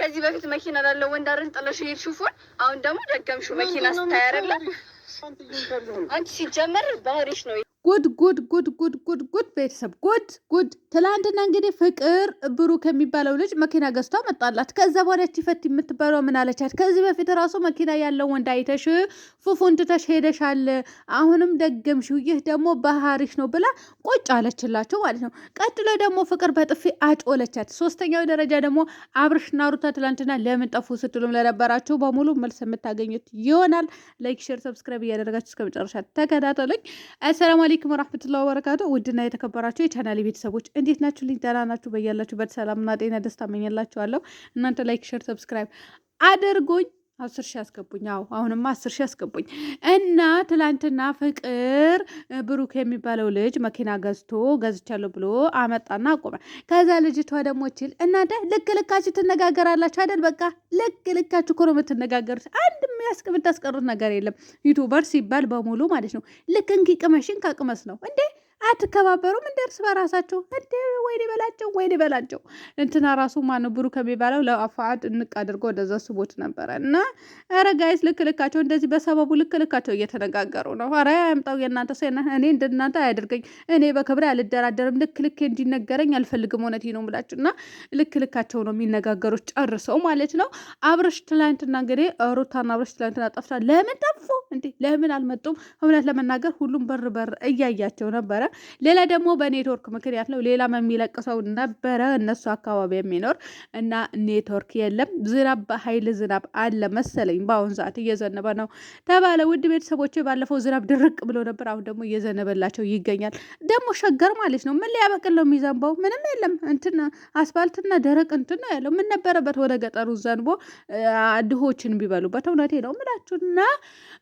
ከዚህ በፊት መኪና ላለው ወንድ አረን ጥለሽ የሄድሽው አሁን ደግሞ ደገምሽው መኪና ስታይ አይደለም አንቺ ሲጀመር ባህሪሽ ነው። ጉድ ጉድ ጉድ ጉድ ጉድ ጉድ ቤተሰብ ጉድ ጉድ። ትላንትና እንግዲህ ፍቅር ብሩክ የሚባለው ልጅ መኪና ገዝቷ መጣላት። ከዛ በኋላ ቲፈት የምትባለው ምን አለቻት? ከዚህ በፊት ራሱ መኪና ያለው ወንድ አይተሽ ፉፉን ትተሽ ሄደሻል፣ አሁንም ደገምሽው፣ ይህ ደግሞ ባህሪሽ ነው ብላ ቆጭ አለችላቸው ማለት ነው። ቀጥሎ ደግሞ ፍቅር በጥፊ አጮለቻት። ሶስተኛው ደረጃ ደግሞ አብርሽና ሩታ ትላንትና ለምን ጠፉ ስትሉም ለነበራቸው በሙሉ መልስ የምታገኙት ይሆናል። ላይክ፣ ሼር፣ ሰብስክራይብ እያደረጋችሁ እስከመጨረሻ ተከታተሉኝ። አሰላሙ አለይኩም አለይኩም ወራህመቱላሂ ወበረካቱ ውድና የተከበራችሁ የቻናሌ ቤተሰቦች እንዴት ናችሁ? ልኝ ደህና ናችሁ? በያላችሁበት ሰላምና ጤና ደስታ እመኝላችኋለሁ። እናንተ ላይክ፣ ሼር፣ ሰብስክራይብ አድርጉኝ። አስር ሺህ አስገቡኝ። አዎ አሁንማ አስር ሺህ አስገቡኝ። እና ትላንትና ፍቅር ብሩክ የሚባለው ልጅ መኪና ገዝቶ ገዝቻለሁ ብሎ አመጣና አቆመ። ከዛ ልጅቷ ደግሞ ችል እናንተ ልክ ልካችሁ ትነጋገራላችሁ አይደል? በቃ ልክ ልካችሁ ኮሮ የምትነጋገሩት አንድ የምታስቀሩት ነገር የለም። ዩቱበር ሲባል በሙሉ ማለት ነው። ልክ እንኪ ቅመሽን ከቅመስ ነው እንዴ አትከባበሩም እንደ እርስ በራሳቸው እንደ ወይኔ በላቸው ወይኔ በላቸው። እንትና ራሱ ማነው ብሩ ከሚባለው ለአፋአድ እንቅ አድርጎ ወደዛ ስቦት ነበረ እና ኧረ ጋይስ ልክ ልካቸው እንደዚህ በሰበቡ ልክ ልካቸው እየተነጋገሩ ነው። ኧረ ያምጣው የእናንተ ሰው እኔ እንደናንተ አያደርገኝ። እኔ በክብሬ አልደራደርም። ልክ ልክ እንዲነገረኝ አልፈልግም። እውነት ነው የምላችሁ እና ልክ ልካቸው ነው የሚነጋገሩት ጨርሰው ማለት ነው። አብረሽ ትላንትና እንግዲህ ሩታና አብረሽ ትላንትና ጠፍታ ለምን ጠፉ እንዴ? ለምን አልመጡም? እውነት ለመናገር ሁሉም በር በር እያያቸው ነበረ። ሌላ ደግሞ በኔትወርክ ምክንያት ነው። ሌላም የሚለቅሰው ነበረ እነሱ አካባቢ የሚኖር እና ኔትወርክ የለም። ዝናብ በሀይል ዝናብ አለ መሰለኝ በአሁን ሰዓት እየዘነበ ነው ተባለ። ውድ ቤተሰቦች ባለፈው ዝናብ ድርቅ ብሎ ነበር። አሁን ደግሞ እየዘነበላቸው ይገኛል። ደግሞ ሸገር ማለት ነው። ምን ሊያበቅል ነው የሚዘንበው? ምንም የለም። እንትን አስፋልትና ደረቅ እንትን ነው ያለው። ምን ነበረበት ወደ ገጠሩ ዘንቦ ድሆችን ቢበሉበት። እውነቴ ነው እና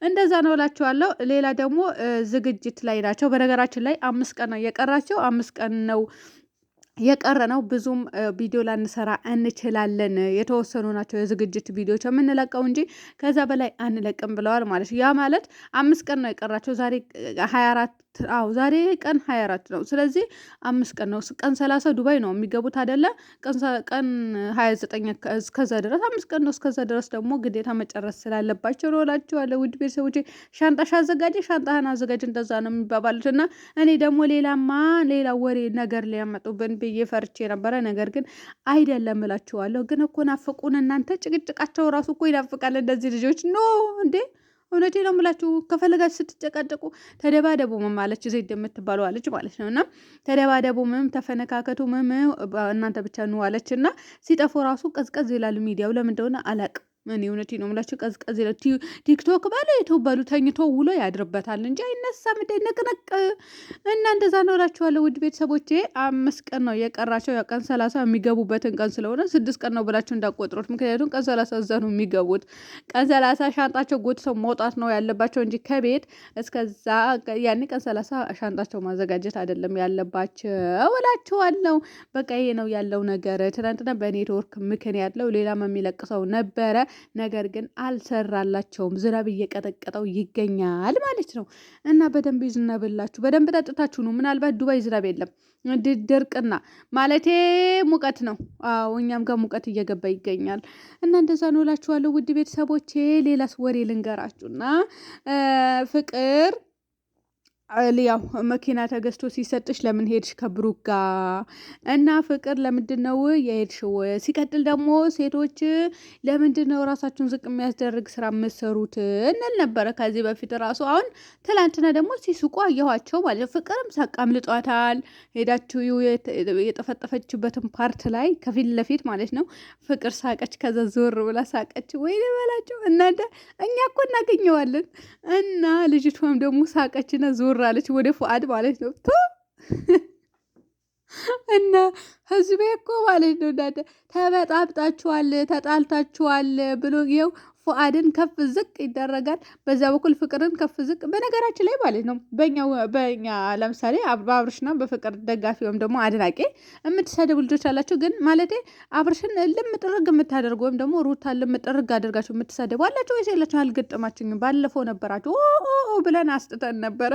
እንደዛ ነው እላችኋለሁ። ሌላ ደግሞ ዝግጅት ላይ ናቸው በነገራችን ላይ አምስት አምስት ቀን ነው የቀራቸው። አምስት ቀን ነው የቀረ ነው። ብዙም ቪዲዮ ላንሰራ እንችላለን። የተወሰኑ ናቸው የዝግጅት ቪዲዮዎች የምንለቀው እንጂ ከዛ በላይ አንለቅም ብለዋል ማለት ያ ማለት አምስት ቀን ነው የቀራቸው ዛሬ ሀያ አራት አራት አዎ ዛሬ ቀን 24 ነው። ስለዚህ አምስት ቀን ነው። ቀን 30 ዱባይ ነው የሚገቡት አይደለ? ቀን 29 እስከዛ ድረስ አምስት ቀን ነው። እስከዛ ድረስ ደግሞ ግዴታ መጨረስ ስላለባቸው ነው እላቸዋለሁ። ውድ ቤተሰቦቼ ሻንጣሽ አዘጋጀ፣ ሻንጣህን አዘጋጅ፣ እንደዛ ነው የሚባባሉት። እና እኔ ደግሞ ሌላማ ሌላ ወሬ ነገር ሊያመጡብን ብዬ ፈርቼ ነበረ። ነገር ግን አይደለም እላቸዋለሁ። ግን እኮ ናፍቁን እናንተ ጭቅጭቃቸው ራሱ እኮ ይናፍቃል። እንደዚህ ልጆች ኖ እንዴ እውነቴ ነው የምላችሁ። ከፈለጋችሁ ስትጨቃጨቁ ተደባደቡ ምም አለች ዜድ የምትባለው አለች ማለት ነው። እና ተደባደቡ ምም ተፈነካከቱ ምም እናንተ ብቻ ኑ አለች እና ሲጠፉ ራሱ ቀዝቀዝ ይላሉ ሚዲያው ለምን እንደሆነ አላቅም። እኔ እውነቴን ነው የምላቸው። ቀዝቀዝ ቲክቶክ በለ የተባሉ ተኝቶ ውሎ ያድርበታል እንጂ አይነሳም። እንደ ነቅነቅ እና እንደዛ ነው እላችኋለሁ። ውድ ቤተሰቦቼ አምስት ቀን ነው የቀራቸው። ያው ቀን ሰላሳ የሚገቡበትን ቀን ስለሆነ ስድስት ቀን ነው ብላቸው እንዳቆጥሩት። ምክንያቱም ቀን ሰላሳ እዛ ነው የሚገቡት። ቀን ሰላሳ ሻንጣቸው ጎትተው መውጣት ነው ያለባቸው እንጂ ከቤት እስከዛ ያኔ ቀን ሰላሳ ሻንጣቸው ማዘጋጀት አይደለም ያለባቸው እላችኋለሁ። በቃ ይሄ ነው ያለው ነገር። ትናንትና በኔትወርክ ምክንያት ለው ሌላም የሚለቅሰው ነበረ ነገር ግን አልሰራላቸውም። ዝናብ እየቀጠቀጠው ይገኛል ማለት ነው። እና በደንብ ይዝነብላችሁ፣ በደንብ ጠጥታችሁ ነው። ምናልባት ዱባይ ዝናብ የለም ድርቅና ማለቴ ሙቀት ነው። አዎ እኛም ጋር ሙቀት እየገባ ይገኛል። እና እንደዛ ነው እላችኋለሁ ውድ ቤተሰቦቼ። ሌላስ ወሬ ልንገራችሁና ፍቅር ያው መኪና ተገዝቶ ሲሰጥሽ ለምን ሄድሽ ከብሩክ ጋር እና ፍቅር ለምንድን ነው የሄድሽው? ሲቀጥል ደግሞ ሴቶች ለምንድን ነው ራሳችሁን ዝቅ የሚያስደርግ ስራ የምትሰሩት እንል ነበረ ከዚህ በፊት ራሱ። አሁን ትላንትና ደግሞ ሲስቁ አየኋቸው ማለት ፍቅርም ሳቃም ልጧታል። ሄዳችሁ የጠፈጠፈችበትን ፓርት ላይ ከፊት ለፊት ማለት ነው ፍቅር ሳቀች፣ ከዛ ዞር ብላ ሳቀች። ወይ በላቸው እናንተ፣ እኛ እኮ እናገኘዋለን እና ልጅቷም ደግሞ ሳቀችና ዞር አመራለች ወደ ፉአድ ማለት ነው። እና ህዝቤ እኮ ማለት ነው እናንተ ተበጣብጣችኋል፣ ተጣልታችኋል ብሎ ይኸው ፉአድን ከፍ ዝቅ ይደረጋል። በዛ በኩል ፍቅርን ከፍ ዝቅ በነገራችን ላይ ማለት ነው። በኛ ለምሳሌ በአብርሽና በፍቅር ደጋፊ ወይም ደግሞ አድናቂ የምትሰደቡ ልጆች አላችሁ። ግን ማለት አብርሽን ልምጥርግ የምታደርጉ ወይም ደግሞ ሩታ ልምጥርግ አድርጋችሁ የምትሰደቡ አላችሁ ወይስ የላችሁ? አልገጠማችሁኝም? ባለፈው ነበራችሁ ብለን አስጥተን ነበረ።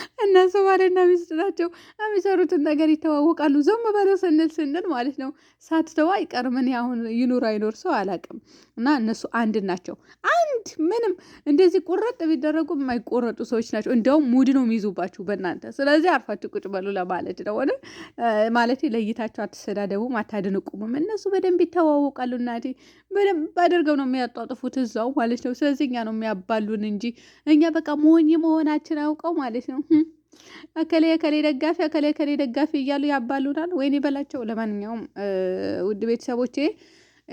ባልና ሚስት ናቸው። የሚሰሩትን ነገር ይተዋወቃሉ። ዞም በለው ስንል ስንል ማለት ነው ሳትተው አይቀርም። እኔ አሁን ይኑር አይኖር ሰው አላውቅም። እና እነሱ አንድ ናቸው። አንድ ምንም እንደዚህ ቁረጥ ቢደረጉ የማይቆረጡ ሰዎች ናቸው። እንደውም ሙድ ነው የሚይዙባችሁ በእናንተ። ስለዚህ አርፋችሁ ቁጭ በሉ ለማለት ነው። ሆነ ማለት ለይታችሁ አትሰዳደቡም፣ አታድንቁምም። እነሱ በደንብ ይተዋወቃሉ። እናቴ በደንብ አድርገው ነው የሚያጧጥፉት እዛው ማለት ነው። ስለዚህ እኛ ነው የሚያባሉን እንጂ እኛ በቃ ሞኝ መሆናችን አውቀው ማለት ነው። እከሌ እከሌ ደጋፊ እከሌ እከሌ ደጋፊ እያሉ ያባሉናል። ወይኔ በላቸው። ለማንኛውም ውድ ቤተሰቦቼ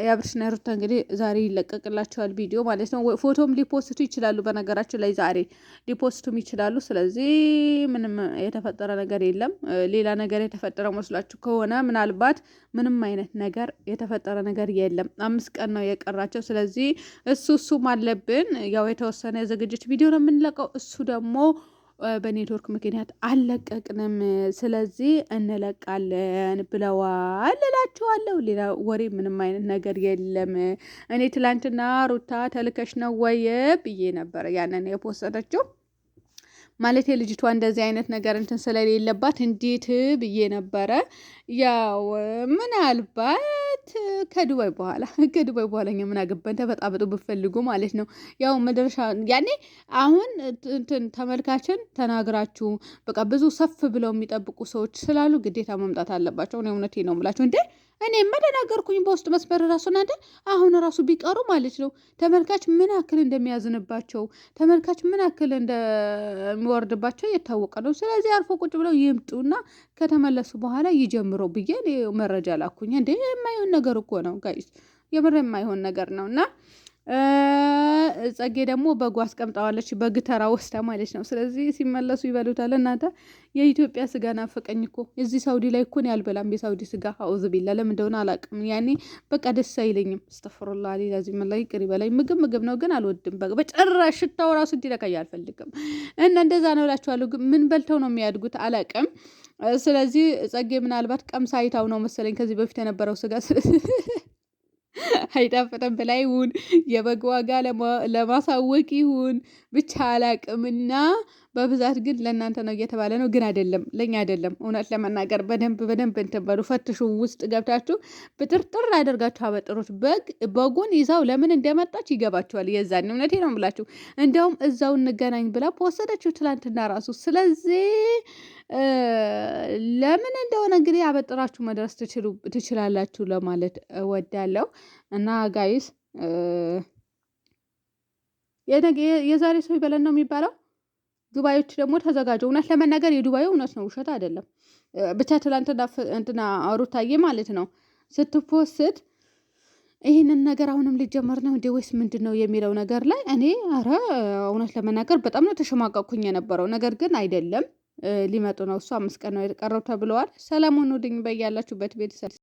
የአብርሽና ሩታ እንግዲህ ዛሬ ይለቀቅላቸዋል ቪዲዮ ማለት ነው። ፎቶም ሊፖስቱ ይችላሉ። በነገራችን ላይ ዛሬ ሊፖስቱም ይችላሉ። ስለዚህ ምንም የተፈጠረ ነገር የለም። ሌላ ነገር የተፈጠረ መስሏችሁ ከሆነ ምናልባት ምንም አይነት ነገር የተፈጠረ ነገር የለም። አምስት ቀን ነው የቀራቸው። ስለዚህ እሱ እሱም አለብን ያው የተወሰነ የዝግጅት ቪዲዮ ነው የምንለቀው እሱ ደግሞ በኔትወርክ ምክንያት አልለቀቅንም፣ ስለዚህ እንለቃለን ብለዋል እላቸዋለሁ። ሌላ ወሬ ምንም አይነት ነገር የለም። እኔ ትላንትና ሩታ ተልከሽ ነው ወይ ብዬ ነበር ያንን የፖሰተችው ማለት የልጅቷ እንደዚህ አይነት ነገር እንትን ስለሌለባት እንዴት ብዬ ነበረ ያው ምናልባት ማለት ከዱባይ በኋላ ከዱባይ በኋላ እኛ ምን አገባን? ተበጣበጡ ብፈልጉ ማለት ነው። ያው መድረሻ ያኔ አሁን እንትን ተመልካችን ተናግራችሁ በቃ ብዙ ሰፍ ብለው የሚጠብቁ ሰዎች ስላሉ ግዴታ መምጣት አለባቸው። እኔ እውነቴ ነው የምላቸው እንዴ እኔ መደናገርኩኝ በውስጥ መስመር ራሱ እናንተ አሁን ራሱ ቢቀሩ ማለት ነው ተመልካች ምን ያክል እንደሚያዝንባቸው ተመልካች ምን ያክል እንደሚወርድባቸው የታወቀ ነው። ስለዚህ አርፎ ቁጭ ብለው ይምጡና ከተመለሱ በኋላ ይጀምረው ብዬ መረጃ ላኩኝ እንዴ የማይሆን ነገር እኮ ነው ጋይስ፣ የምር የማይሆን ነገር ነው እና ጸጌ ደግሞ በጉ አስቀምጠዋለች በግተራ ወስዳ ማለት ነው። ስለዚህ ሲመለሱ ይበሉታል። እናንተ የኢትዮጵያ ስጋ ናፈቀኝ እኮ እዚህ ሳውዲ ላይ እኮን ነው ያልበላም የሳውዲ ስጋ አውዝ ቢላ ለምን እንደሆነ አላውቅም። ያኔ በቃ ደስ አይለኝም። ስተፍሩላ ሌላዚ ላይ ቅሪ በላይ ምግብ ምግብ ነው ግን አልወድም። በቃ በጭራ ሽታው ራሱ እንዲነካኝ አልፈልግም። እና እንደዛ ነው እላችኋለሁ። ግን ምን በልተው ነው የሚያድጉት አላውቅም። ስለዚህ ጸጌ ምናልባት ቀምሳ አይታው ነው መሰለኝ ከዚህ በፊት የነበረው ስጋ አይጣፍጥም ብላ ይሁን የበግ ዋጋ ለማሳወቅ ይሁን ብቻ አላቅምና በብዛት ግን ለእናንተ ነው እየተባለ ነው፣ ግን አይደለም ለእኛ አይደለም። እውነት ለመናገር በደንብ በደንብ እንትን በሉ፣ ፈትሹ። ውስጥ ገብታችሁ ብጥርጥር አደርጋችሁ አበጥሩት። በግ በጉን ይዛው ለምን እንደመጣች ይገባችኋል። የዛን እውነቴ ነው ብላችሁ እንዲያውም እዛው እንገናኝ ብላ በወሰደችው ትላንትና ራሱ ስለዚህ ለምን እንደሆነ እንግዲህ አበጥራችሁ መድረስ ትችላላችሁ ለማለት እወዳለሁ። እና ጋይስ የዛሬ ሰው ይበለን ነው የሚባለው። ዱባዮች ደግሞ ተዘጋጀ። እውነት ለመናገር የዱባዩ እውነት ነው፣ ውሸት አይደለም። ብቻ ትላንትና እንትና አሩታዬ ማለት ነው ስትፖስት ይህንን ነገር አሁንም ሊጀመር ነው እንዴ ወይስ ምንድን ነው የሚለው ነገር ላይ እኔ ኧረ እውነት ለመናገር በጣም ነው ተሸማቀቅኩኝ የነበረው። ነገር ግን አይደለም ሊመጡ ነው እሱ አምስት ቀን ነው የቀረው ተብለዋል። ሰላሙን ውድኝ በያላችሁበት ቤተሰብ